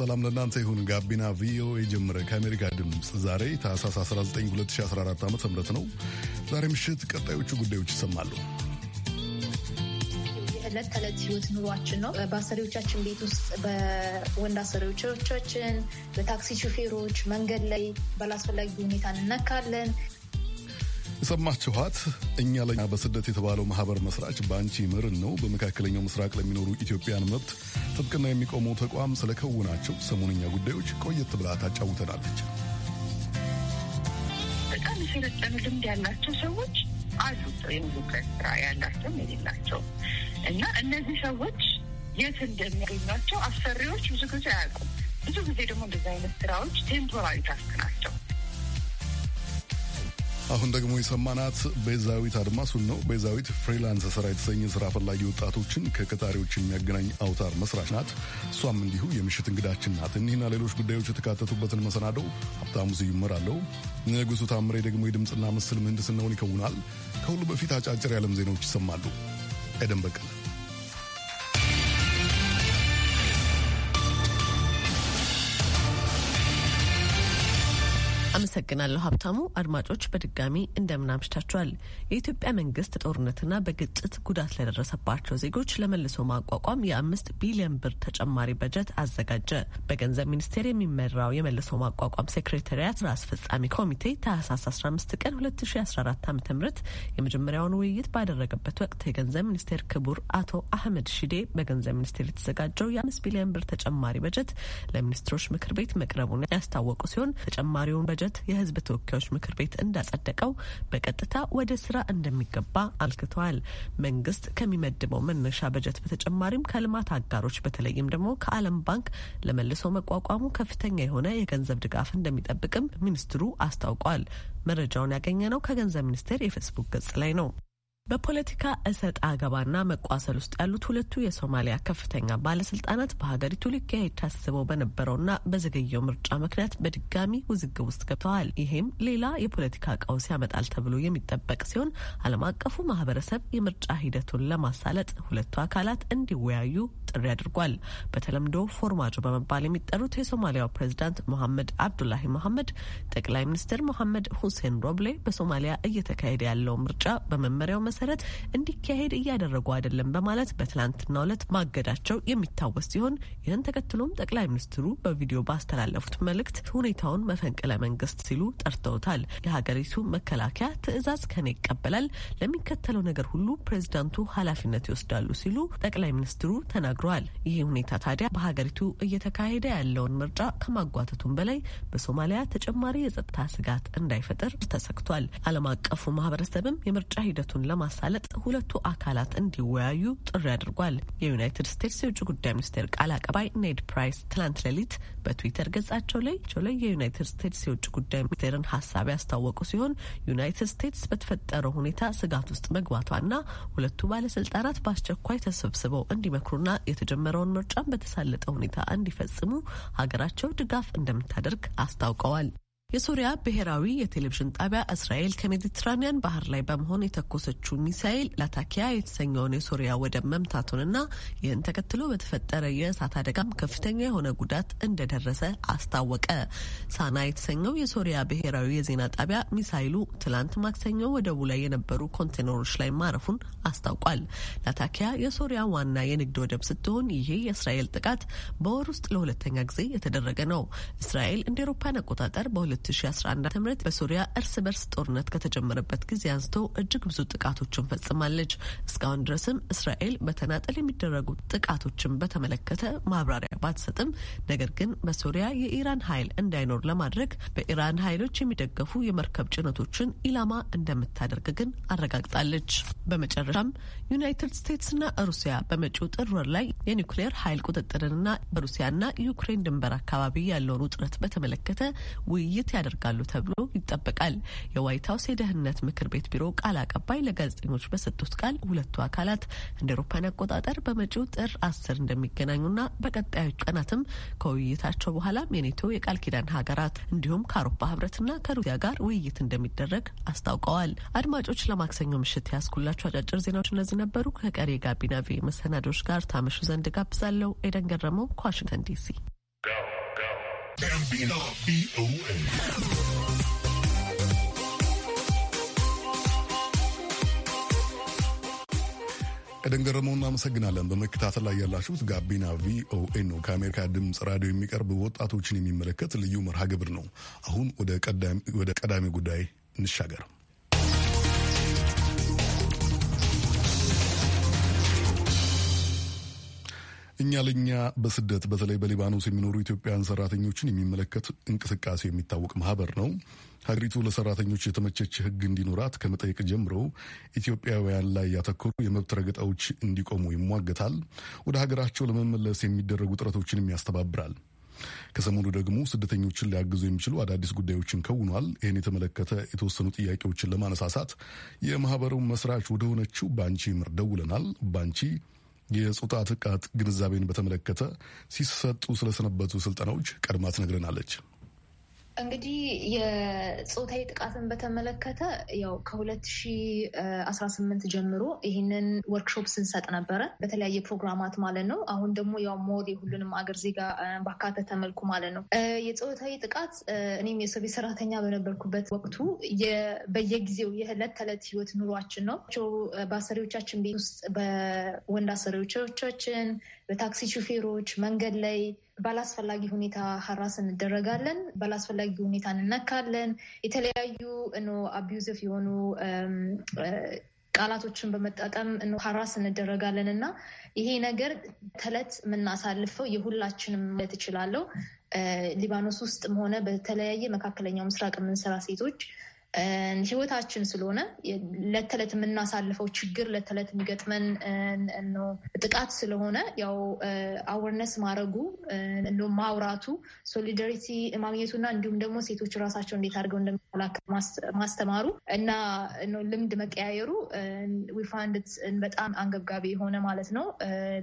ሰላም ለእናንተ ይሁን። ጋቢና ቪኦኤ ጀምረ ከአሜሪካ ድምፅ ዛሬ ታህሳስ 19 2014 ዓ ም ነው። ዛሬ ምሽት ቀጣዮቹ ጉዳዮች ይሰማሉ። የዕለት ተዕለት ህይወት ኑሯችን ነው። በአሰሪዎቻችን ቤት ውስጥ በወንድ አሰሪዎቻችን፣ በታክሲ ሹፌሮች፣ መንገድ ላይ ባላስፈላጊ ሁኔታ እንነካለን። የሰማችኋት እኛ ለኛ በስደት የተባለው ማህበር መስራች በአንቺ ምርን ነው። በመካከለኛው ምስራቅ ለሚኖሩ ኢትዮጵያን መብት ጥብቅና የሚቆመው ተቋም ስለከውናቸው ሰሞንኛ ጉዳዮች ቆየት ብላ ታጫውተናለች። በጣም የሰለጠነ ልምድ ያላቸው ሰዎች አሉ። የሙሉቀት ስራ ያላቸውም የሌላቸው እና እነዚህ ሰዎች የት እንደሚያገኟቸው አሰሪዎች ብዙ ጊዜ አያውቁም። ብዙ ጊዜ ደግሞ እንደዚህ አይነት ስራዎች ቴምፖራሪ ታስክ ናቸው። አሁን ደግሞ የሰማናት ቤዛዊት አድማሱን ነው። ቤዛዊት ፍሪላንስ ስራ የተሰኘ ስራ ፈላጊ ወጣቶችን ከቀጣሪዎች የሚያገናኝ አውታር መስራች ናት። እሷም እንዲሁ የምሽት እንግዳችን ናት። እኒህና ሌሎች ጉዳዮች የተካተቱበትን መሰናደው ሀብታሙ ስዩም እመራለሁ። ንጉሱ ታምሬ ደግሞ የድምፅና ምስል ምህንድስናውን ይከውናል። ከሁሉ በፊት አጫጭር የዓለም ዜናዎች ይሰማሉ። ኤደን በቀለ አመሰግናለሁ ሀብታሙ። አድማጮች በድጋሚ እንደምን አምሽታችኋል። የኢትዮጵያ መንግስት ጦርነትና በግጭት ጉዳት ለደረሰባቸው ዜጎች ለመልሶ ማቋቋም የአምስት ቢሊዮን ብር ተጨማሪ በጀት አዘጋጀ። በገንዘብ ሚኒስቴር የሚመራው የመልሶ ማቋቋም ሴክሬታሪያት ስራ አስፈጻሚ ኮሚቴ ታህሳስ 15 ቀን 2014 ዓ ም የመጀመሪያውን ውይይት ባደረገበት ወቅት የገንዘብ ሚኒስቴር ክቡር አቶ አህመድ ሺዴ በገንዘብ ሚኒስቴር የተዘጋጀው የአምስት ቢሊዮን ብር ተጨማሪ በጀት ለሚኒስትሮች ምክር ቤት መቅረቡን ያስታወቁ ሲሆን ተጨማሪውን በጀት ዓመት የህዝብ ተወካዮች ምክር ቤት እንዳጸደቀው በቀጥታ ወደ ስራ እንደሚገባ አልክተዋል። መንግስት ከሚመድበው መነሻ በጀት በተጨማሪም ከልማት አጋሮች በተለይም ደግሞ ከዓለም ባንክ ለመልሶ መቋቋሙ ከፍተኛ የሆነ የገንዘብ ድጋፍ እንደሚጠብቅም ሚኒስትሩ አስታውቋል። መረጃውን ያገኘ ነው ከገንዘብ ሚኒስቴር የፌስቡክ ገጽ ላይ ነው። በፖለቲካ እሰጥ አገባና መቋሰል ውስጥ ያሉት ሁለቱ የሶማሊያ ከፍተኛ ባለስልጣናት በሀገሪቱ ሊካሄድ ታስበው በነበረውና በዘገየው ምርጫ ምክንያት በድጋሚ ውዝግብ ውስጥ ገብተዋል። ይሄም ሌላ የፖለቲካ ቀውስ ያመጣል ተብሎ የሚጠበቅ ሲሆን ዓለም አቀፉ ማህበረሰብ የምርጫ ሂደቱን ለማሳለጥ ሁለቱ አካላት እንዲወያዩ ጥሪ አድርጓል። በተለምዶ ፎርማጆ በመባል የሚጠሩት የሶማሊያው ፕሬዚዳንት ሞሐመድ አብዱላሂ መሐመድ ጠቅላይ ሚኒስትር ሞሐመድ ሁሴን ሮብሌ በሶማሊያ እየተካሄደ ያለው ምርጫ በመመሪያው መሰረት እንዲካሄድ እያደረጉ አይደለም በማለት በትላንትናው ዕለት ማገዳቸው የሚታወስ ሲሆን ይህን ተከትሎም ጠቅላይ ሚኒስትሩ በቪዲዮ ባስተላለፉት መልእክት ሁኔታውን መፈንቅለ መንግስት ሲሉ ጠርተውታል። የሀገሪቱ መከላከያ ትዕዛዝ ከኔ ይቀበላል፣ ለሚከተለው ነገር ሁሉ ፕሬዚዳንቱ ኃላፊነት ይወስዳሉ ሲሉ ጠቅላይ ሚኒስትሩ ተናግረዋል። ይህ ሁኔታ ታዲያ በሀገሪቱ እየተካሄደ ያለውን ምርጫ ከማጓተቱም በላይ በሶማሊያ ተጨማሪ የጸጥታ ስጋት እንዳይፈጥር ተሰግቷል። ዓለም አቀፉ ማህበረሰብም የምርጫ ሂደቱን ለማ ለማሳለጥ ሁለቱ አካላት እንዲወያዩ ጥሪ አድርጓል። የዩናይትድ ስቴትስ የውጭ ጉዳይ ሚኒስቴር ቃል አቀባይ ኔድ ፕራይስ ትላንት ሌሊት በትዊተር ገጻቸው ላይ ላይ የዩናይትድ ስቴትስ የውጭ ጉዳይ ሚኒስቴርን ሀሳብ ያስታወቁ ሲሆን ዩናይትድ ስቴትስ በተፈጠረው ሁኔታ ስጋት ውስጥ መግባቷና ሁለቱ ባለስልጣናት በአስቸኳይ ተሰብስበው እንዲመክሩና የተጀመረውን ምርጫን በተሳለጠ ሁኔታ እንዲፈጽሙ ሀገራቸው ድጋፍ እንደምታደርግ አስታውቀዋል። የሶሪያ ብሔራዊ የቴሌቪዥን ጣቢያ እስራኤል ከሜዲትራኒያን ባህር ላይ በመሆን የተኮሰችው ሚሳኤል ላታኪያ የተሰኘውን የሶሪያ ወደብ መምታቱንና ይህን ተከትሎ በተፈጠረ የእሳት አደጋም ከፍተኛ የሆነ ጉዳት እንደደረሰ አስታወቀ። ሳና የተሰኘው የሶሪያ ብሔራዊ የዜና ጣቢያ ሚሳይሉ ትላንት ማክሰኞ ወደቡ ላይ የነበሩ ኮንቴነሮች ላይ ማረፉን አስታውቋል። ላታኪያ የሶሪያ ዋና የንግድ ወደብ ስትሆን ይሄ የእስራኤል ጥቃት በወር ውስጥ ለሁለተኛ ጊዜ የተደረገ ነው። እስራኤል እንደ አውሮፓውያን አቆጣጠር በ 2011 ም በሱሪያ እርስ በርስ ጦርነት ከተጀመረበት ጊዜ አንስቶ እጅግ ብዙ ጥቃቶችን ፈጽማለች። እስካሁን ድረስም እስራኤል በተናጠል የሚደረጉ ጥቃቶችን በተመለከተ ማብራሪያ ባትሰጥም ነገር ግን በሱሪያ የኢራን ኃይል እንዳይኖር ለማድረግ በኢራን ኃይሎች የሚደገፉ የመርከብ ጭነቶችን ኢላማ እንደምታደርግ ግን አረጋግጣለች። በመጨረሻም ዩናይትድ ስቴትስና ሩሲያ በመጪው ጥር ወር ላይ የኒውክሌር ኃይል ቁጥጥርንና በሩሲያና ዩክሬን ድንበር አካባቢ ያለውን ውጥረት በተመለከተ ውይይት መልእክት ያደርጋሉ ተብሎ ይጠበቃል። የዋይት ሀውስ የደህንነት ምክር ቤት ቢሮ ቃል አቀባይ ለጋዜጠኞች በሰጡት ቃል ሁለቱ አካላት እንደ አውሮፓውያን አቆጣጠር በመጪው ጥር አስር እንደሚገናኙና በቀጣዮች ቀናትም ከውይይታቸው በኋላም የኔቶ የቃል ኪዳን ሀገራት እንዲሁም ከአውሮፓ ህብረትና ከሩሲያ ጋር ውይይት እንደሚደረግ አስታውቀዋል። አድማጮች ለማክሰኞ ምሽት ያስኩላቸው አጫጭር ዜናዎች እነዚህ ነበሩ። ከቀሪ ጋቢና ቪ መሰናዶች ጋር ታመሹ ዘንድ ጋብዛለሁ። ኤደን ገረመው ከዋሽንግተን ዲሲ ጋቢና ቪኦኤ ገረመው እናመሰግናለን። በመከታተል ላይ ያላችሁት ጋቢና ቪኦኤ ነው፣ ከአሜሪካ ድምፅ ራዲዮ የሚቀርብ ወጣቶችን የሚመለከት ልዩ መርሃ ግብር ነው። አሁን ወደ ቀዳሚ ጉዳይ እንሻገር። እኛ ለእኛ በስደት በተለይ በሊባኖስ የሚኖሩ ኢትዮጵያን ሰራተኞችን የሚመለከት እንቅስቃሴ የሚታወቅ ማህበር ነው። ሀገሪቱ ለሰራተኞች የተመቸች ሕግ እንዲኖራት ከመጠየቅ ጀምሮ ኢትዮጵያውያን ላይ ያተኮሩ የመብት ረገጣዎች እንዲቆሙ ይሟገታል። ወደ ሀገራቸው ለመመለስ የሚደረጉ ጥረቶችንም ያስተባብራል። ከሰሞኑ ደግሞ ስደተኞችን ሊያግዙ የሚችሉ አዳዲስ ጉዳዮችን ከውኗል። ይህን የተመለከተ የተወሰኑ ጥያቄዎችን ለማነሳሳት የማህበሩ መስራች ወደሆነችው ባንቺ ምር ደውለናል። ባንቺ የጾታ ጥቃት ግንዛቤን በተመለከተ ሲሰጡ ስለሰነበቱ ስልጠናዎች ቀድማ ትነግረናለች። እንግዲህ የፆታዊ ጥቃትን በተመለከተ ያው ከ2018 ጀምሮ ይህንን ወርክሾፕ ስንሰጥ ነበረ በተለያየ ፕሮግራማት ማለት ነው። አሁን ደግሞ ያው ሞር የሁሉንም አገር ዜጋ ባካተተ መልኩ ማለት ነው። የፆታዊ ጥቃት እኔም የሰው ቤት ሰራተኛ በነበርኩበት ወቅቱ በየጊዜው የዕለት ተዕለት ህይወት ኑሯችን ነው። በአሰሪዎቻችን ቤት ውስጥ በወንድ አሰሪዎቻችን፣ በታክሲ ሹፌሮች፣ መንገድ ላይ ባላስፈላጊ ሁኔታ ሀራስ እንደረጋለን፣ ባላስፈላጊ ሁኔታ እንነካለን። የተለያዩ አቢዩዚቭ የሆኑ ቃላቶችን በመጠቀም ሀራስ እንደረጋለን እና ይሄ ነገር ተለት የምናሳልፈው የሁላችንም ትችላለው ሊባኖስ ውስጥም ሆነ በተለያየ መካከለኛው ምስራቅ የምንሰራ ሴቶች ህይወታችን ስለሆነ ለት የምናሳልፈው ችግር ለተለት የሚገጥመን ጥቃት ስለሆነ ያው አወርነስ ማድረጉ ማውራቱ ሶሊዳሪቲ ማግኘቱና እንዲሁም ደግሞ ሴቶች ራሳቸው እንዴት አድርገው እንደሚከላከል ማስተማሩ እና ልምድ መቀያየሩ ዊፋንድት በጣም አንገብጋቢ የሆነ ማለት ነው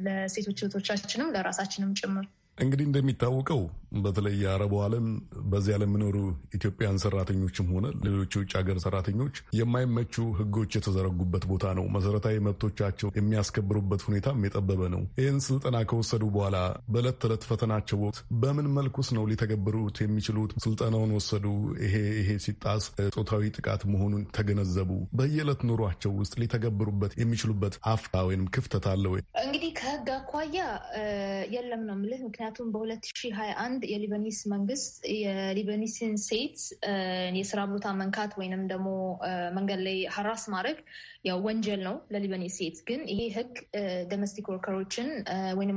ለሴቶች እህቶቻችንም ለራሳችንም ጭምር እንግዲህ እንደሚታወቀው በተለይ የአረቡ ዓለም በዚያ ለሚኖሩ ኢትዮጵያን ሰራተኞችም ሆነ ሌሎች የውጭ ሀገር ሰራተኞች የማይመቹ ሕጎች የተዘረጉበት ቦታ ነው። መሰረታዊ መብቶቻቸው የሚያስከብሩበት ሁኔታም የጠበበ ነው። ይህን ስልጠና ከወሰዱ በኋላ በዕለት ተዕለት ፈተናቸው ወቅት በምን መልኩስ ነው ሊተገብሩት የሚችሉት? ስልጠናውን ወሰዱ፣ ይሄ ይሄ ሲጣስ ጾታዊ ጥቃት መሆኑን ተገነዘቡ። በየዕለት ኑሯቸው ውስጥ ሊተገብሩበት የሚችሉበት አፍታ ወይም ክፍተት አለ ወይ? እንግዲህ ከህግ አኳያ የለም ነው የምልህ ምክንያቱ ምክንያቱም በ2021 የሊበኒስ መንግስት የሊበኒስን ሴት የስራ ቦታ መንካት ወይንም ደግሞ መንገድ ላይ ሀራስ ማድረግ ያው ወንጀል ነው ለሊበኔ ሴት። ግን ይሄ ህግ ዶሜስቲክ ወርከሮችን ወይም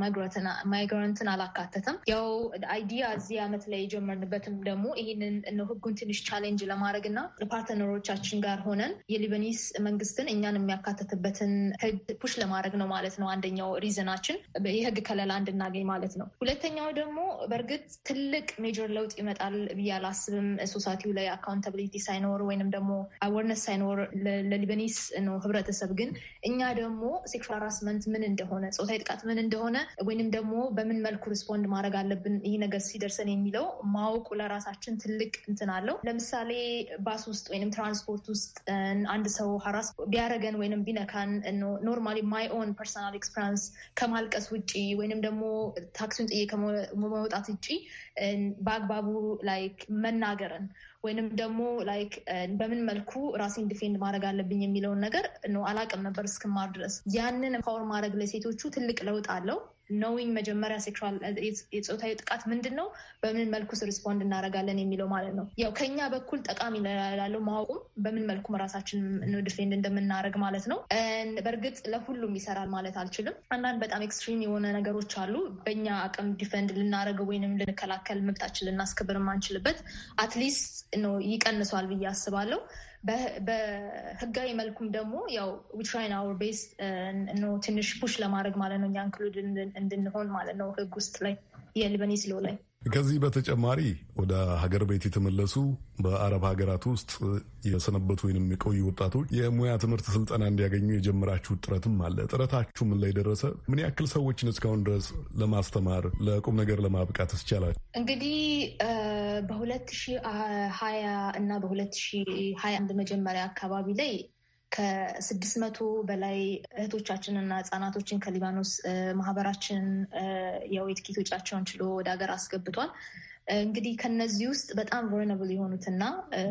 ማይግራንትን አላካተተም። ያው አይዲያ እዚህ አመት ላይ የጀመርንበትም ደግሞ ይህንን ህጉን ትንሽ ቻሌንጅ ለማድረግ ና ፓርትነሮቻችን ጋር ሆነን የሊበኒስ መንግስትን እኛን የሚያካተትበትን ህግ ፑሽ ለማድረግ ነው ማለት ነው። አንደኛው ሪዝናችን የህግ ከለላ እንድናገኝ ማለት ነው። ሁለተኛው ደግሞ በእርግጥ ትልቅ ሜጀር ለውጥ ይመጣል ብዬ አላስብም። ሶሳይቲው ላይ አካውንታብሊቲ ሳይኖር ወይንም ደግሞ አወርነስ ሳይኖር ለሊበኒስ ነው ህብረተሰብ። ግን እኛ ደግሞ ሴክሹል ሃራስመንት ምን እንደሆነ፣ ፆታዊ ጥቃት ምን እንደሆነ ወይንም ደግሞ በምን መልኩ ሪስፖንድ ማድረግ አለብን ይህ ነገር ሲደርሰን የሚለው ማወቁ ለራሳችን ትልቅ እንትን አለው። ለምሳሌ ባስ ውስጥ ወይም ትራንስፖርት ውስጥ አንድ ሰው ሀራስ ቢያረገን ወይም ቢነካን ኖርማሊ ማይ ኦን ፐርሰናል ኤክስፐሪንስ ከማልቀስ ውጭ ወይንም ደግሞ ታክሲውን ጥዬ ከመውጣት ውጭ በአግባቡ ላይ መናገርን ወይንም ደግሞ ላይክ uh, በምን መልኩ ራሴን ዲፌንድ ማድረግ አለብኝ የሚለውን ነገር ነው አላቅም ነበር እስክማር ድረስ። ያንን ፓወር ማድረግ ለሴቶቹ ትልቅ ለውጥ አለው። ኖዊንግ መጀመሪያ ሴክሹዋል የፆታዊ ጥቃት ምንድን ነው፣ በምን መልኩስ ሪስፖንድ እናደርጋለን የሚለው ማለት ነው። ያው ከኛ በኩል ጠቃሚ ላለው ማወቁም በምን መልኩም ራሳችን ዲፌንድ እንደምናደርግ ማለት ነው። በእርግጥ ለሁሉም ይሰራል ማለት አልችልም። አንዳንድ በጣም ኤክስትሪም የሆነ ነገሮች አሉ። በእኛ አቅም ዲፌንድ ልናደርገው ወይንም ልንከላከል መብታችን ልናስከብር ማንችልበት አትሊስት ነው ይቀንሷል ብዬ አስባለሁ። በህጋዊ መልኩም ደግሞ ያው ዊትራይን አወር ቤስ ትንሽ ፑሽ ለማድረግ ማለት ነው እኛ ኢንክሉድ እንድንሆን ማለት ነው ህግ ውስጥ ላይ የሊበኒስ ሎ ላይ ከዚህ በተጨማሪ ወደ ሀገር ቤት የተመለሱ በአረብ ሀገራት ውስጥ የሰነበቱ ወይንም የቆዩ ወጣቶች የሙያ ትምህርት ስልጠና እንዲያገኙ የጀመራችሁ ጥረትም አለ። ጥረታችሁ ምን ላይ ደረሰ? ምን ያክል ሰዎችን እስካሁን ድረስ ለማስተማር ለቁም ነገር ለማብቃት እስቻላችሁ? እንግዲህ በሁለት ሺህ ሀያ እና በሁለት ሺህ ሀያ አንድ መጀመሪያ አካባቢ ላይ ከስድስት መቶ በላይ እህቶቻችንና ህጻናቶችን ከሊባኖስ ማህበራችን የወይት ኪቶጫቸውን ችሎ ወደ ሀገር አስገብቷል። እንግዲህ ከነዚህ ውስጥ በጣም ቨርነብል የሆኑትና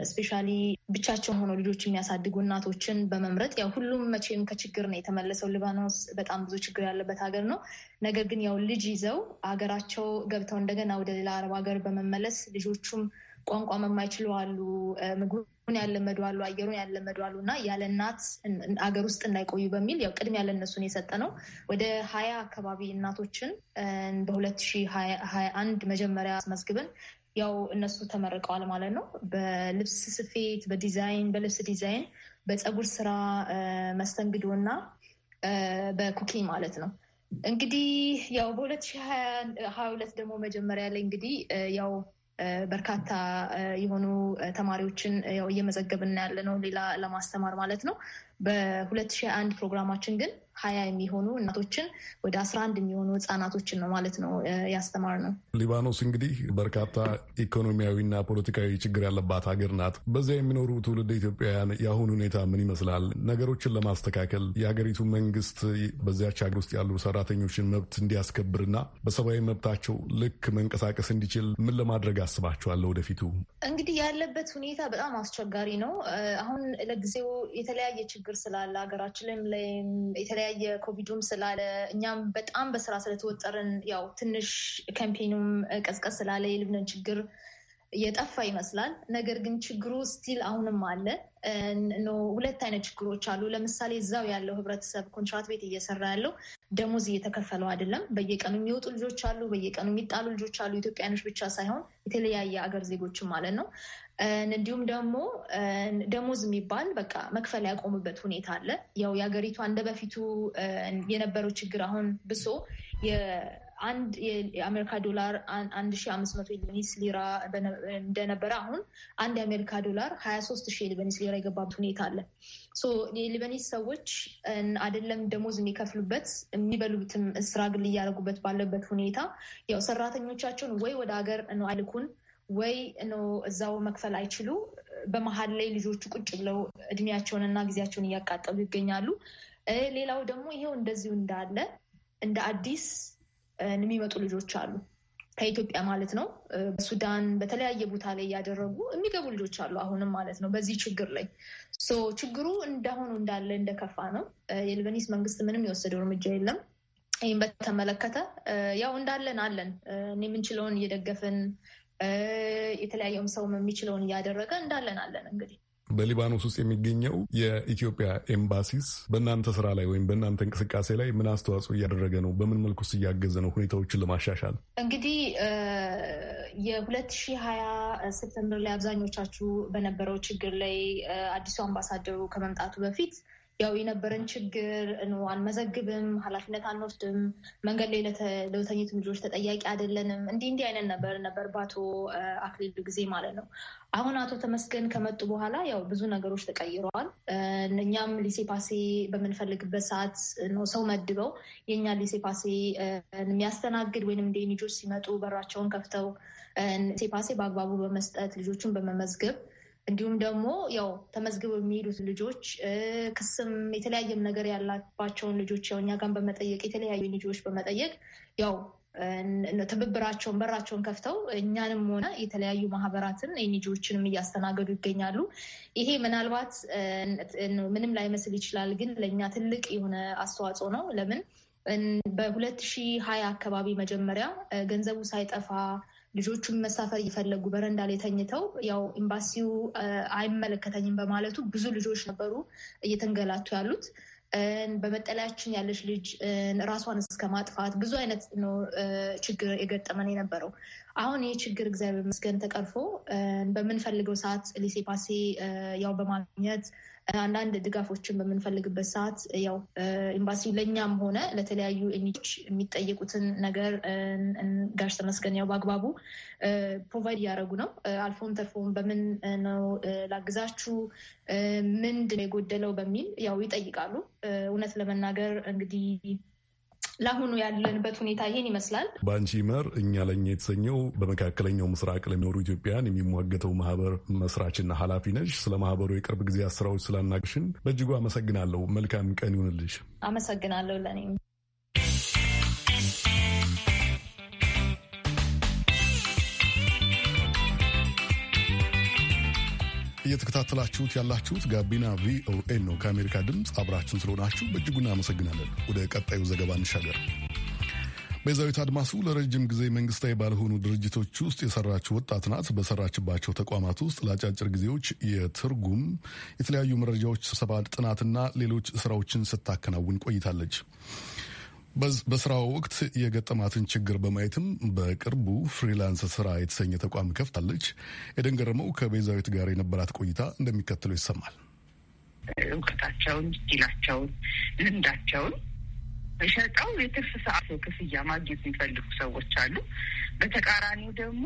ስፔሻሊ ብቻቸውን ሆነው ልጆች የሚያሳድጉ እናቶችን በመምረጥ ያው ሁሉም መቼም ከችግር ነው የተመለሰው። ሊባኖስ በጣም ብዙ ችግር ያለበት ሀገር ነው። ነገር ግን ያው ልጅ ይዘው ሀገራቸው ገብተው እንደገና ወደ ሌላ አረብ ሀገር በመመለስ ልጆቹም ቋንቋ የማይችሉ አሉ፣ ምግቡን ያለመዱ አሉ፣ አየሩን ያለመዱ አሉ እና ያለ እናት አገር ውስጥ እንዳይቆዩ በሚል ያው ቅድሚያ ለእነሱን የሰጠ ነው። ወደ ሀያ አካባቢ እናቶችን በሁለት ሺህ ሀያ አንድ መጀመሪያ አስመዝግብን ያው እነሱ ተመርቀዋል ማለት ነው። በልብስ ስፌት፣ በዲዛይን፣ በልብስ ዲዛይን፣ በፀጉር ስራ፣ መስተንግዶ እና በኩኪ ማለት ነው። እንግዲህ ያው በሁለት ሺህ ሀያ ሁለት ደግሞ መጀመሪያ ላይ እንግዲህ ያው በርካታ የሆኑ ተማሪዎችን እየመዘገብና ያለ ነው ሌላ ለማስተማር ማለት ነው። በ2001 ፕሮግራማችን ግን ሀያ የሚሆኑ እናቶችን ወደ አስራ አንድ የሚሆኑ ህጻናቶችን ነው ማለት ነው ያስተማር ነው። ሊባኖስ እንግዲህ በርካታ ኢኮኖሚያዊና ፖለቲካዊ ችግር ያለባት ሀገር ናት። በዚያ የሚኖሩ ትውልድ ኢትዮጵያውያን የአሁን ሁኔታ ምን ይመስላል? ነገሮችን ለማስተካከል የሀገሪቱ መንግስት በዚያች ሀገር ውስጥ ያሉ ሰራተኞችን መብት እንዲያስከብርና በሰብአዊ መብታቸው ልክ መንቀሳቀስ እንዲችል ምን ለማድረግ አስባችኋለሁ? ወደፊቱ እንግዲህ ያለበት ሁኔታ በጣም አስቸጋሪ ነው። አሁን ለጊዜው የተለያየ ችግር ስላለ ሀገራችን ላይ የተለያየ የኮቪዱም ስላለ እኛም በጣም በስራ ስለተወጠርን ያው ትንሽ ካምፔኑም ቀዝቀዝ ስላለ የልብነን ችግር የጠፋ ይመስላል። ነገር ግን ችግሩ ስቲል አሁንም አለ። ሁለት አይነት ችግሮች አሉ። ለምሳሌ እዛው ያለው ህብረተሰብ ኮንትራት ቤት እየሰራ ያለው ደሞዝ እየተከፈለው አይደለም። በየቀኑ የሚወጡ ልጆች አሉ፣ በየቀኑ የሚጣሉ ልጆች አሉ። ኢትዮጵያኖች ብቻ ሳይሆን የተለያየ አገር ዜጎችም ማለት ነው። እንዲሁም ደግሞ ደሞዝ የሚባል በቃ መክፈል ያቆሙበት ሁኔታ አለ። ያው የሀገሪቷ እንደ በፊቱ የነበረው ችግር አሁን ብሶ አንድ የአሜሪካ ዶላር አንድ ሺ አምስት መቶ የቬኒስ ሊራ እንደነበረ አሁን አንድ የአሜሪካ ዶላር ሀያ ሶስት ሺ የሊበኒስ ሊራ የገባበት ሁኔታ አለ። የሊበኒስ ሰዎች አይደለም ደሞዝ የሚከፍሉበት የሚበሉትም ስራ ግል እያደረጉበት ባለበት ሁኔታ ያው ሰራተኞቻቸውን ወይ ወደ ሀገር ነው አይልኩን ወይ ነው እዛው መክፈል አይችሉ በመሀል ላይ ልጆቹ ቁጭ ብለው እድሜያቸውንና ጊዜያቸውን እያቃጠሉ ይገኛሉ። ሌላው ደግሞ ይሄው እንደዚሁ እንዳለ እንደ አዲስ የሚመጡ ልጆች አሉ ከኢትዮጵያ ማለት ነው። በሱዳን በተለያየ ቦታ ላይ እያደረጉ የሚገቡ ልጆች አሉ አሁንም ማለት ነው። በዚህ ችግር ላይ ችግሩ እንዳሁኑ እንዳለ እንደከፋ ነው። የልበኒስ መንግስት ምንም የወሰደው እርምጃ የለም። ይህም በተመለከተ ያው እንዳለን አለን የምንችለውን እየደገፍን የተለያየውም ሰውም የሚችለውን እያደረገ እንዳለን አለን እንግዲህ በሊባኖስ ውስጥ የሚገኘው የኢትዮጵያ ኤምባሲስ በእናንተ ስራ ላይ ወይም በእናንተ እንቅስቃሴ ላይ ምን አስተዋጽኦ እያደረገ ነው? በምን መልኩ እያገዘ ነው ሁኔታዎችን ለማሻሻል? እንግዲህ የ2020 ሴፕተምበር ላይ አብዛኞቻችሁ በነበረው ችግር ላይ አዲሱ አምባሳደሩ ከመምጣቱ በፊት ያው የነበረን ችግር አንመዘግብም፣ ኃላፊነት አንወስድም፣ መንገድ ላይ ለተኙት ልጆች ተጠያቂ አይደለንም። እንዲህ እንዲህ አይነት ነበር ነበር በአቶ አክሊሉ ጊዜ ማለት ነው። አሁን አቶ ተመስገን ከመጡ በኋላ ያው ብዙ ነገሮች ተቀይረዋል። እኛም ሊሴ ፓሴ በምንፈልግበት ሰዓት ነው ሰው መድበው የእኛን ሊሴ ፓሴ የሚያስተናግድ ወይም እንደ ልጆች ሲመጡ በራቸውን ከፍተው ሊሴ ፓሴ በአግባቡ በመስጠት ልጆቹን በመመዝገብ እንዲሁም ደግሞ ያው ተመዝግበው የሚሄዱት ልጆች ክስም የተለያየም ነገር ያላባቸውን ልጆች ያው እኛ ጋር በመጠየቅ የተለያዩ ልጆች በመጠየቅ ያው ትብብራቸውን በራቸውን ከፍተው እኛንም ሆነ የተለያዩ ማህበራትን ኤንጂዎችንም እያስተናገዱ ይገኛሉ። ይሄ ምናልባት ምንም ላይመስል ይችላል፣ ግን ለእኛ ትልቅ የሆነ አስተዋጽኦ ነው። ለምን በሁለት ሺህ ሀያ አካባቢ መጀመሪያ ገንዘቡ ሳይጠፋ ልጆቹን መሳፈር እየፈለጉ በረንዳ ላይ ተኝተው ያው ኤምባሲው አይመለከተኝም በማለቱ ብዙ ልጆች ነበሩ እየተንገላቱ ያሉት። በመጠለያችን ያለች ልጅ ራሷን እስከ ማጥፋት ብዙ አይነት ነው ችግር የገጠመን የነበረው። አሁን ይህ ችግር እግዚአብሔር ይመስገን ተቀርፎ በምንፈልገው ሰዓት ሊሴ ፓሴ ያው በማግኘት አንዳንድ ድጋፎችን በምንፈልግበት ሰዓት ያው ኤምባሲው ለእኛም ሆነ ለተለያዩ ኤኒች የሚጠየቁትን ነገር ጋሽ ተመስገን ያው በአግባቡ ፕሮቫይድ እያደረጉ ነው። አልፎም ተርፎም በምን ነው ላግዛችሁ፣ ምንድን የጎደለው በሚል ያው ይጠይቃሉ። እውነት ለመናገር እንግዲህ ለአሁኑ ያለንበት ሁኔታ ይህን ይመስላል። በአንቺ መር እኛ ለኛ የተሰኘው በመካከለኛው ምስራቅ ለሚኖሩ ኢትዮጵያን የሚሟገተው ማህበር መስራችና ኃላፊ ነሽ። ስለ ማህበሩ የቅርብ ጊዜ ስራዎች ስላናቅሽን በእጅጉ አመሰግናለሁ። መልካም ቀን ይሁንልሽ። አመሰግናለሁ ለእኔም እየተከታተላችሁት ያላችሁት ጋቢና ቪኦኤ ነው። ከአሜሪካ ድምፅ አብራችሁን ስለሆናችሁ በእጅጉ አመሰግናለን። ወደ ቀጣዩ ዘገባ እንሻገር። ቤዛዊት አድማሱ ለረጅም ጊዜ መንግስታዊ ባልሆኑ ድርጅቶች ውስጥ የሰራችው ወጣት ናት። በሰራችባቸው ተቋማት ውስጥ ለአጫጭር ጊዜዎች የትርጉም የተለያዩ መረጃዎች ስብሰባ፣ ጥናትና ሌሎች ስራዎችን ስታከናውን ቆይታለች። በስራው ወቅት የገጠማትን ችግር በማየትም በቅርቡ ፍሪላንስ ስራ የተሰኘ ተቋም ከፍታለች። ኤደን ገረመው ከቤዛዊት ጋር የነበራት ቆይታ እንደሚከተለው ይሰማል። እውቀታቸውን፣ ስኪላቸውን፣ ልምዳቸውን ሸጠው የትርፍ ሰዓት ክፍያ ማግኘት የሚፈልጉ ሰዎች አሉ። በተቃራኒው ደግሞ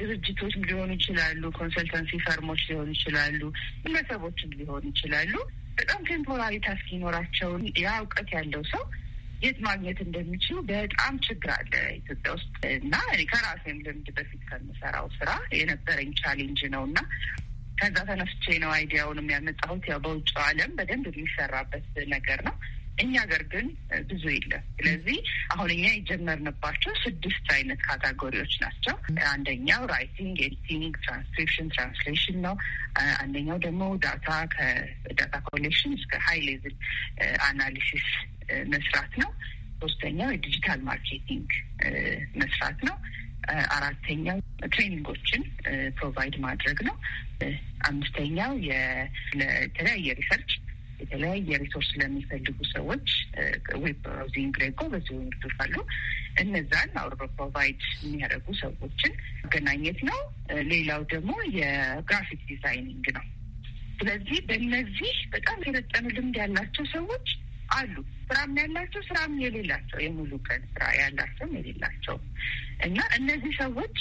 ድርጅቶች ሊሆኑ ይችላሉ፣ ኮንሰልታንሲ ፈርሞች ሊሆኑ ይችላሉ፣ ግለሰቦችም ሊሆኑ ይችላሉ። በጣም ቴምፖራሪ ታስክ ይኖራቸውን ያ እውቀት ያለው ሰው የት ማግኘት እንደሚችሉ በጣም ችግር አለ ኢትዮጵያ ውስጥ እና ከራሴም ልምድ በፊት ከምሰራው ስራ የነበረኝ ቻሌንጅ ነው እና ከዛ ተነስቼ ነው አይዲያውንም ያመጣሁት። ያው በውጭ ዓለም በደንብ የሚሰራበት ነገር ነው። እኛ ሀገር ግን ብዙ የለም። ስለዚህ አሁን እኛ የጀመርንባቸው ስድስት አይነት ካታጎሪዎች ናቸው። አንደኛው ራይቲንግ፣ ኤዲቲንግ፣ ትራንስክሪፕሽን ትራንስሌሽን ነው። አንደኛው ደግሞ ዳታ ከዳታ ኮሌክሽን እስከ ሀይ ሌቭል አናሊሲስ መስራት ነው። ሶስተኛው የዲጂታል ማርኬቲንግ መስራት ነው። አራተኛው ትሬኒንጎችን ፕሮቫይድ ማድረግ ነው። አምስተኛው የተለያየ ሪሰርች የተለያየ ሪሶርስ ለሚፈልጉ ሰዎች ዌብ ብራውዚንግ ላይ ጎበዝ የሆኑ ልጆች እነዛን አውሮ ፕሮቫይድ የሚያደርጉ ሰዎችን ማገናኘት ነው። ሌላው ደግሞ የግራፊክ ዲዛይኒንግ ነው። ስለዚህ በእነዚህ በጣም የረጠኑ ልምድ ያላቸው ሰዎች አሉ። ስራም ያላቸው ስራም የሌላቸው የሙሉ ቀን ስራ ያላቸውም የሌላቸው እና እነዚህ ሰዎች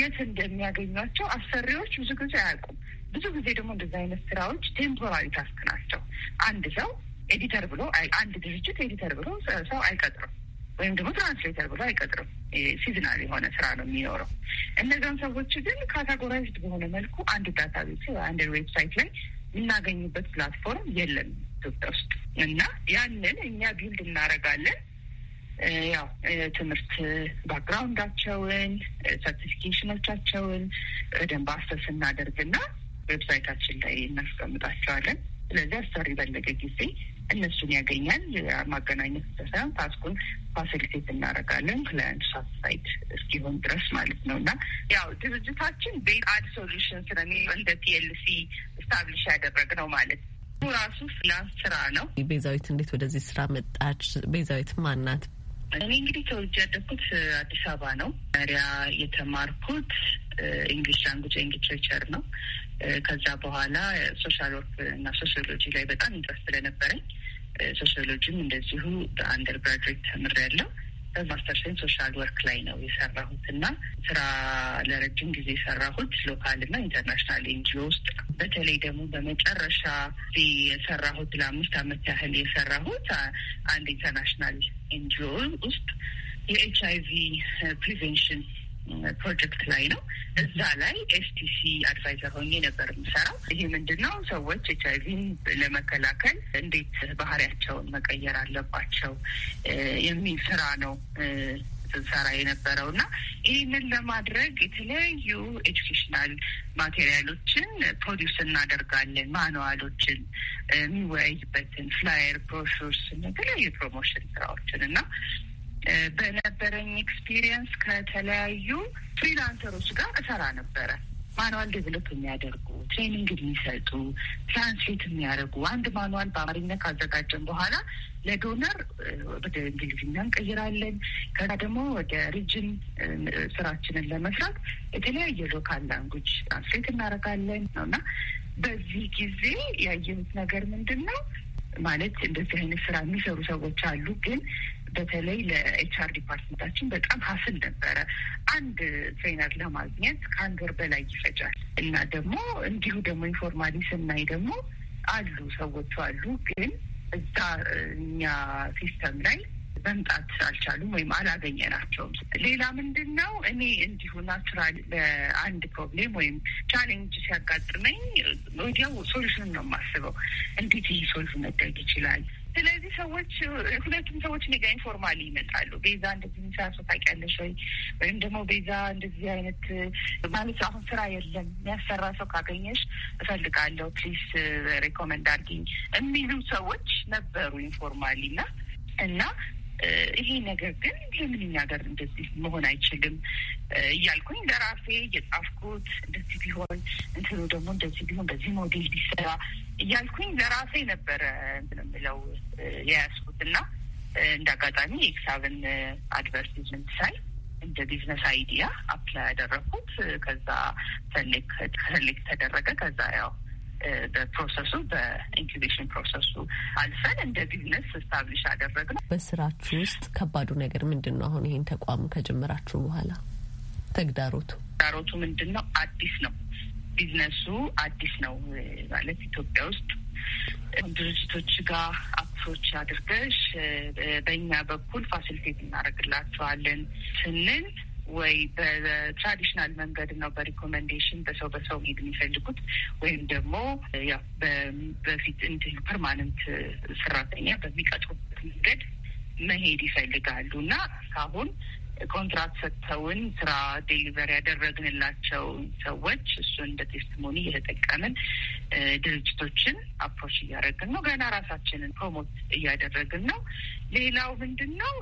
የት እንደሚያገኟቸው አሰሪዎች ብዙ ጊዜ አያውቁም። ብዙ ጊዜ ደግሞ እንደዚህ አይነት ስራዎች ቴምፖራሪ ታስክ ናቸው። አንድ ሰው ኤዲተር ብሎ አንድ ድርጅት ኤዲተር ብሎ ሰው አይቀጥርም፣ ወይም ደግሞ ትራንስሌተር ብሎ አይቀጥርም። ሲዝናል የሆነ ስራ ነው የሚኖረው። እነዛን ሰዎች ግን ካታጎራይዝድ በሆነ መልኩ አንድ ዳታ ቤት አንድ ዌብሳይት ላይ የምናገኝበት ፕላትፎርም የለም ኢትዮጵያ ውስጥ እና ያንን እኛ ቢልድ እናደርጋለን። ያው ትምህርት ባክግራውንዳቸውን ሰርቲፊኬሽኖቻቸውን በደንብ አሰስ እናደርግና ዌብሳይታችን ላይ እናስቀምጣቸዋለን። ስለዚህ አሰሪ በለገ ጊዜ እነሱን ያገኛል። ማገናኘት ተሰም ታስኩን ፋሲሊቴት እናደርጋለን ክላያንት ሳትሳይት እስኪሆን ድረስ ማለት ነው። እና ያው ድርጅታችን ቤት አድ ሶሉሽን ስለሚል እንደ ፒኤልሲ ስታብሊሽ ነው ማለት ነው። ራሱ ፍሪላንስ ስራ ነው። ቤዛዊት እንዴት ወደዚህ ስራ መጣች? ቤዛዊት ማናት? እኔ እንግዲህ ተወልጄ ያደግኩት አዲስ አበባ ነው። መሪያ የተማርኩት ኢንግሊሽ ላንጉጅ ኢንግሊሽ ሊትሬቸር ነው። ከዛ በኋላ ሶሻል ወርክ እና ሶሲዮሎጂ ላይ በጣም ኢንትረስት ስለነበረኝ ሶሲዮሎጂም እንደዚሁ በአንደር ግራጁዌት ተምሬያለሁ። በማስተርሴን ሶሻል ወርክ ላይ ነው የሰራሁት እና ስራ ለረጅም ጊዜ የሰራሁት ሎካል እና ኢንተርናሽናል ኤንጂኦ ውስጥ በተለይ ደግሞ በመጨረሻ የሰራሁት ለአምስት አመት ያህል የሰራሁት አንድ ኢንተርናሽናል ኤንጂኦ ውስጥ የኤች አይ ቪ ፕሪቬንሽን ፕሮጀክት ላይ ነው። እዛ ላይ ኤስቲሲ አድቫይዘር ሆኜ ነበር የምሰራው። ይሄ ምንድን ነው ሰዎች ኤች አይቪን ለመከላከል እንዴት ባህሪያቸውን መቀየር አለባቸው የሚል ስራ ነው ስንሰራ የነበረው እና ይህንን ለማድረግ የተለያዩ ኤጁኬሽናል ማቴሪያሎችን ፕሮዲውስ እናደርጋለን። ማኑዋሎችን፣ የሚወያይበትን፣ ፍላየር፣ ብሮሹርስ፣ የተለያዩ ፕሮሞሽን ስራዎችን እና በነበረኝ ኤክስፒሪየንስ ከተለያዩ ፍሪላንሰሮች ጋር እሰራ ነበረ። ማኑዋል ዴቨሎፕ የሚያደርጉ ትሬኒንግ የሚሰጡ ትራንስሌት የሚያደርጉ አንድ ማኑዋል በአማርኛ ካዘጋጀን በኋላ ለዶነር ወደ እንግሊዝኛ እንቀይራለን። ከዛ ደግሞ ወደ ሪጅን ስራችንን ለመስራት የተለያየ ሎካል ላንጉጅ ትራንስሌት እናደርጋለን ነው እና በዚህ ጊዜ ያየሁት ነገር ምንድን ነው ማለት እንደዚህ አይነት ስራ የሚሰሩ ሰዎች አሉ ግን በተለይ ለኤችአር ዲፓርትመንታችን በጣም ሀስል ነበረ። አንድ ትሬነር ለማግኘት ከአንድ ወር በላይ ይፈጃል እና ደግሞ እንዲሁ ደግሞ ኢንፎርማሊ ስናይ ደግሞ አሉ ሰዎቹ አሉ፣ ግን እዛ እኛ ሲስተም ላይ መምጣት አልቻሉም ወይም አላገኘናቸውም። ሌላ ምንድን ነው እኔ እንዲሁ ናቹራል ለአንድ ፕሮብሌም ወይም ቻሌንጅ ሲያጋጥመኝ ወዲያው ሶሉሽን ነው የማስበው። እንዴት ይህ ሶልቭ መደግ ይችላል ስለዚህ ሰዎች ሁለቱም ሰዎች እኔ ጋ ኢንፎርማሊ ይመጣሉ። ቤዛ እንደዚህ የሚሰራ ሰው ታውቂያለሽ ወይ? ወይም ደግሞ ቤዛ እንደዚህ አይነት ማለት አሁን ስራ የለም የሚያሰራ ሰው ካገኘሽ እፈልጋለሁ ፕሊስ ሬኮመንድ አድርጊኝ የሚሉ ሰዎች ነበሩ ኢንፎርማሊ እና እና ይሄ ነገር ግን ለምን እኛ ጋር እንደዚህ መሆን አይችልም እያልኩኝ ለራሴ የጻፍኩት እንደዚህ ቢሆን እንትኑ ደግሞ እንደዚህ ቢሆን በዚህ ሞዴል ቢሰራ እያልኩኝ ለራሴ ነበረ እንትን ምለው የያዝኩት እና እንደ አጋጣሚ የሂሳብን አድቨርቲዝመንት ሳይ እንደ ቢዝነስ አይዲያ አፕላይ ያደረኩት። ከዛ ሰሌክት ተደረገ። ከዛ ያው በፕሮሰሱ በኢንኩቤሽን ፕሮሰሱ አልፈን እንደ ቢዝነስ ስታብሊሽ ነው። በስራችሁ ውስጥ ከባዱ ነገር ምንድን ነው? አሁን ይህን ተቋም ከጀመራችሁ በኋላ ተግዳሮቱ ተግዳሮቱ ምንድን ነው? አዲስ ነው ቢዝነሱ አዲስ ነው ማለት ኢትዮጵያ ውስጥ ድርጅቶች ጋር አፕሮች አድርገሽ በእኛ በኩል ፋሲሊቴት እናደርግላቸዋለን ስንል ወይ በትራዲሽናል መንገድ ነው በሪኮመንዴሽን በሰው በሰው ሄድ የሚፈልጉት ወይም ደግሞ ያው በፊት እንዲህ ፐርማነንት ሰራተኛ በሚቀጥሩበት መንገድ መሄድ ይፈልጋሉ እና አሁን ኮንትራክት ሰጥተውን ስራ ዴሊቨሪ ያደረግንላቸው ሰዎች እሱን እንደ ቴስቲሞኒ እየተጠቀምን ድርጅቶችን አፕሮች እያደረግን ነው። ገና ራሳችንን ፕሮሞት እያደረግን ነው። ሌላው ምንድን ነው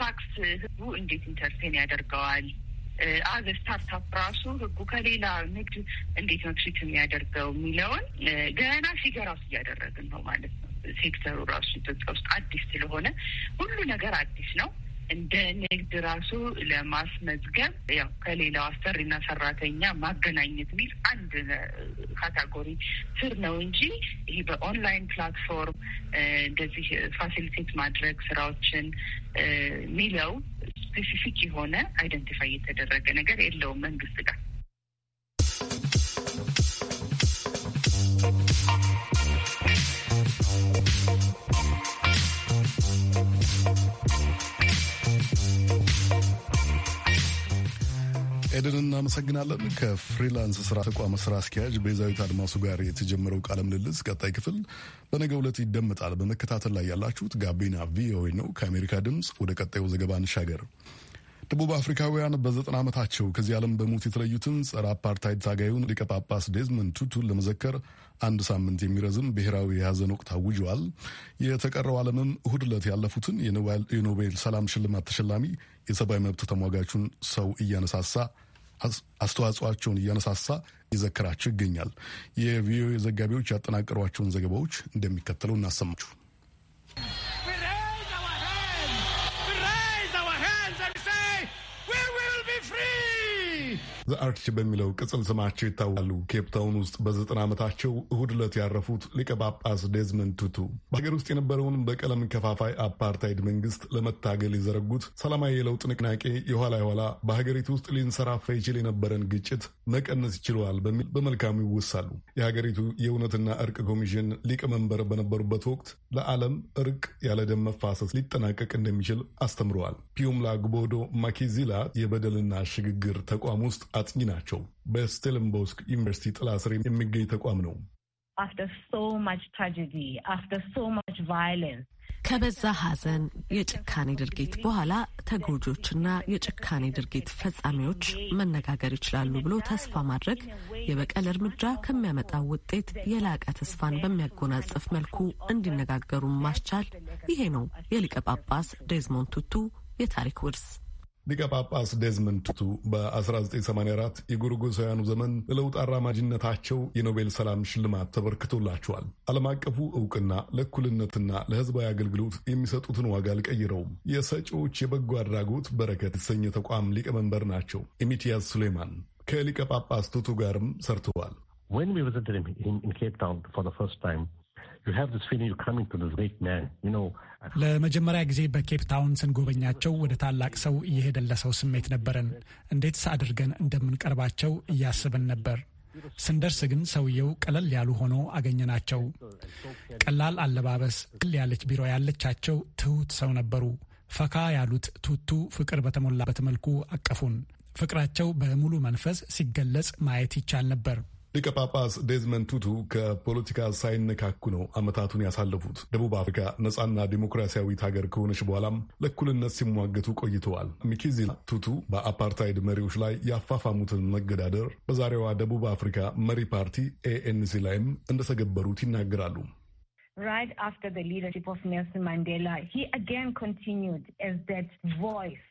ታክስ ህጉ እንዴት ኢንተርቴን ያደርገዋል? አዘ ስታርታፕ ራሱ ህጉ ከሌላ ንግድ እንዴት ነው ትሪት የሚያደርገው የሚለውን ገና ፊገር አውት እያደረግን ነው ማለት ነው። ሴክተሩ ራሱ ኢትዮጵያ ውስጥ አዲስ ስለሆነ ሁሉ ነገር አዲስ ነው። እንደ ንግድ ራሱ ለማስመዝገብ ያው ከሌላው አሰሪና ሰራተኛ ማገናኘት የሚል አንድ ካታጎሪ ስር ነው እንጂ ይሄ በኦንላይን ፕላትፎርም እንደዚህ ፋሲሊቴት ማድረግ ስራዎችን የሚለው ስፔሲፊክ የሆነ አይደንቲፋይ የተደረገ ነገር የለውም መንግስት ጋር። ኤደን እናመሰግናለን። ከፍሪላንስ ስራ ተቋም ስራ አስኪያጅ ቤዛዊት አድማሱ ጋር የተጀመረው ቃለ ምልልስ ቀጣይ ክፍል በነገ ዕለት ይደመጣል። በመከታተል ላይ ያላችሁት ጋቢና ቪኦኤ ነው። ከአሜሪካ ድምፅ ወደ ቀጣዩ ዘገባ እንሻገር። ደቡብ አፍሪካውያን በዘጠና ዓመታቸው ከዚህ ዓለም በሞት የተለዩትን ጸረ አፓርታይድ ታጋዩን ሊቀ ጳጳስ ዴዝመን ቱቱን ለመዘከር አንድ ሳምንት የሚረዝም ብሔራዊ የሐዘን ወቅት አውጀዋል። የተቀረው ዓለምም እሁድ ዕለት ያለፉትን የኖቤል ሰላም ሽልማት ተሸላሚ የሰብአዊ መብት ተሟጋቹን ሰው እያነሳሳ አስተዋጽኦቸውን እያነሳሳ ይዘክራቸው ይገኛል። የቪኦኤ ዘጋቢዎች ያጠናቀሯቸውን ዘገባዎች እንደሚከተለው እናሰማችሁ። ዘአርች በሚለው ቅጽል ስማቸው ይታወቃሉ። ኬፕታውን ውስጥ በዘጠና ዓመታቸው እሁድ ዕለት ያረፉት ሊቀ ጳጳስ ዴዝመንድ ቱቱ በሀገር ውስጥ የነበረውን በቀለም ከፋፋይ አፓርታይድ መንግስት ለመታገል የዘረጉት ሰላማዊ የለውጥ ንቅናቄ የኋላ የኋላ በሀገሪቱ ውስጥ ሊንሰራፋ ይችል የነበረን ግጭት መቀነስ ይችለዋል በሚል በመልካሙ ይወሳሉ። የሀገሪቱ የእውነትና እርቅ ኮሚሽን ሊቀመንበር በነበሩበት ወቅት ለዓለም እርቅ ያለ ደም መፋሰስ ሊጠናቀቅ እንደሚችል አስተምረዋል። ፒዩምላ ጉቦዶ ማኪዚላ የበደልና ሽግግር ተቋም ውስጥ አጥኚ ናቸው። በስቴልንቦስክ ዩኒቨርሲቲ ጥላ ስር የሚገኝ ተቋም ነው። ከበዛ ሐዘን፣ የጭካኔ ድርጊት በኋላ ተጎጂዎችና የጭካኔ ድርጊት ፈጻሚዎች መነጋገር ይችላሉ ብሎ ተስፋ ማድረግ የበቀል እርምጃ ከሚያመጣው ውጤት የላቀ ተስፋን በሚያጎናጽፍ መልኩ እንዲነጋገሩ ማስቻል፣ ይሄ ነው የሊቀ ጳጳስ ዴዝሞንድ ቱቱ የታሪክ ውርስ። ሊቀ ጳጳስ ዴዝመንድ ቱቱ በ1984 የጎርጎሳውያኑ ዘመን ለለውጥ አራማጅነታቸው የኖቤል ሰላም ሽልማት ተበርክቶላቸዋል። ዓለም አቀፉ እውቅና ለእኩልነትና ለሕዝባዊ አገልግሎት የሚሰጡትን ዋጋ አልቀይረውም። የሰጪዎች የበጎ አድራጎት በረከት የተሰኘ ተቋም ሊቀመንበር ናቸው። ኢሚቲያዝ ሱሌማን ከሊቀ ጳጳስ ቱቱ ጋርም ሰርተዋል። ለመጀመሪያ ጊዜ በኬፕ ታውን ስንጎበኛቸው ወደ ታላቅ ሰው እየሄደን ለሰው ስሜት ነበረን። እንዴትስ አድርገን እንደምንቀርባቸው እያስብን ነበር። ስንደርስ ግን ሰውየው ቀለል ያሉ ሆኖ አገኘናቸው። ቀላል አለባበስ፣ ቅል ያለች ቢሮ ያለቻቸው ትሑት ሰው ነበሩ። ፈካ ያሉት ቱቱ ፍቅር በተሞላበት መልኩ አቀፉን። ፍቅራቸው በሙሉ መንፈስ ሲገለጽ ማየት ይቻል ነበር። ሊቀ ጳጳስ ዴዝመን ቱቱ ከፖለቲካ ሳይነካኩ ነው ዓመታቱን ያሳለፉት። ደቡብ አፍሪካ ነጻና ዲሞክራሲያዊት ሀገር ከሆነች በኋላም ለእኩልነት ሲሟገቱ ቆይተዋል። ሚኪዚላ ቱቱ በአፓርታይድ መሪዎች ላይ ያፋፋሙትን መገዳደር በዛሬዋ ደቡብ አፍሪካ መሪ ፓርቲ ኤኤንሲ ላይም እንደተገበሩት ይናገራሉ። right after the leadership of Nelson Mandela, he again continued as that voice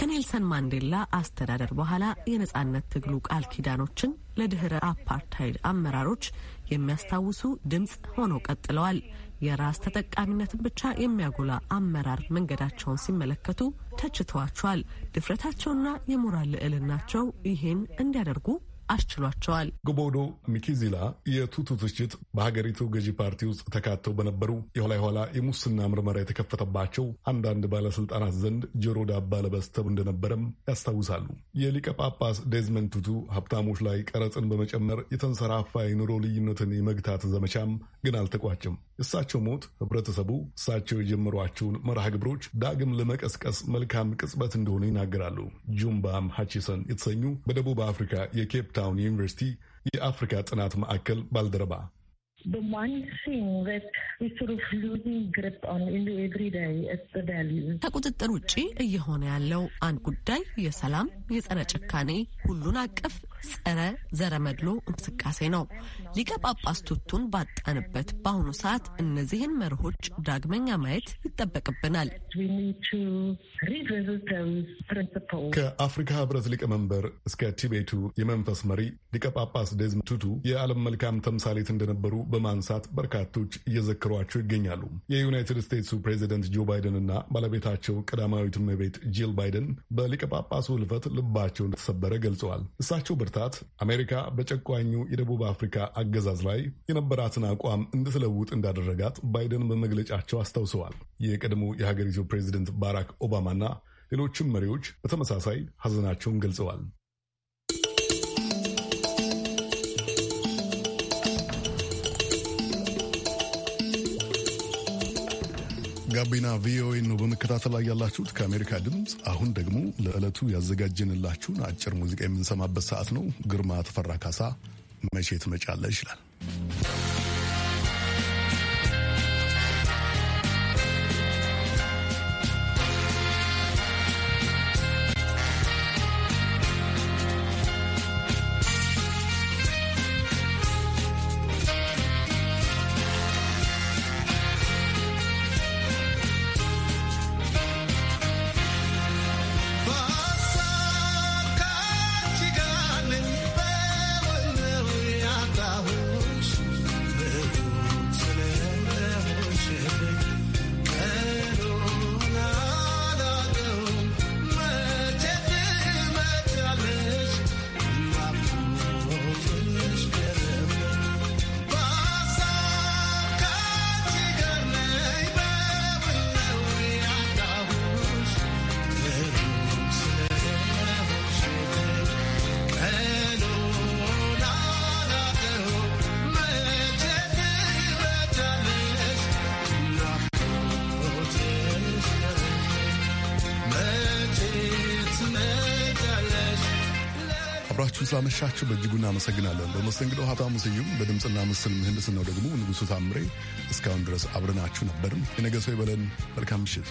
ከኔልሰን ማንዴላ አስተዳደር በኋላ የነጻነት ትግሉ ቃል ኪዳኖችን ለድህረ አፓርታይድ አመራሮች የሚያስታውሱ ድምፅ ሆነው ቀጥለዋል። የራስ ተጠቃሚነትን ብቻ የሚያጎላ አመራር መንገዳቸውን ሲመለከቱ ተችተዋቸዋል። ድፍረታቸውና የሞራል ልዕልናቸው ይህን እንዲያደርጉ አስችሏቸዋል። ጎቦዶ ሚኪዚላ የቱቱ ትችት በሀገሪቱ ገዢ ፓርቲ ውስጥ ተካተው በነበሩ የኋላ ኋላ የሙስና ምርመራ የተከፈተባቸው አንዳንድ ባለስልጣናት ዘንድ ጆሮ ዳባ ለበስ እንደነበረም ያስታውሳሉ። የሊቀ ጳጳስ ዴዝመንድ ቱቱ ሀብታሞች ላይ ቀረጽን በመጨመር የተንሰራፋ የኑሮ ልዩነትን የመግታት ዘመቻም ግን አልተቋጭም። እሳቸው ሞት ህብረተሰቡ እሳቸው የጀመሯቸውን መርሃ ግብሮች ዳግም ለመቀስቀስ መልካም ቅጽበት እንደሆነ ይናገራሉ። ጁምባም ሃቺሰን የተሰኙ በደቡብ አፍሪካ የኬፕ ኬፕታውን ዩኒቨርሲቲ የአፍሪካ ጥናት ማዕከል ባልደረባ ከቁጥጥር ውጪ እየሆነ ያለው አንድ ጉዳይ የሰላም፣ የጸረ ጭካኔ፣ ሁሉን አቀፍ ጸረ ዘረመድሎ እንቅስቃሴ ነው። ሊቀ ጳጳስ ቱቱን ባጣንበት በአሁኑ ሰዓት እነዚህን መርሆች ዳግመኛ ማየት ይጠበቅብናል። ከአፍሪካ ህብረት ሊቀመንበር እስከ ቲቤቱ የመንፈስ መሪ ሊቀ ጳጳስ ዴዝመንድ ቱቱ የዓለም መልካም ተምሳሌት እንደነበሩ በማንሳት በርካቶች እየዘክሯቸው ይገኛሉ። የዩናይትድ ስቴትሱ ፕሬዚደንት ጆ ባይደን እና ባለቤታቸው ቀዳማዊት እመቤት ጂል ባይደን በሊቀ ጳጳሱ ህልፈት ልባቸው እንደተሰበረ ገልጸዋል። እሳቸው ብርታት አሜሪካ በጨቋኙ የደቡብ አፍሪካ አገዛዝ ላይ የነበራትን አቋም እንድትለውጥ እንዳደረጋት ባይደን በመግለጫቸው አስታውሰዋል። የቀድሞ የሀገሪቱ ፕሬዚደንት ባራክ ኦባማና ሌሎችም መሪዎች በተመሳሳይ ሀዘናቸውን ገልጸዋል። ጋቢና ቪኦኤ ነው በመከታተል ላይ ያላችሁት ከአሜሪካ ድምፅ። አሁን ደግሞ ለዕለቱ ያዘጋጀንላችሁን አጭር ሙዚቃ የምንሰማበት ሰዓት ነው። ግርማ ተፈራ ካሳ መቼ ትመጫለህ ይችላል። ስላመሻችሁ በእጅጉ እናመሰግናለን። በመስተንግዶ ሀብታሙ ስዩም፣ በድምፅና ምስል ምህንድስናው ደግሞ ንጉሱ ታምሬ። እስካሁን ድረስ አብረናችሁ ነበርም። የነገ ሰው ይበለን። መልካም ምሽት።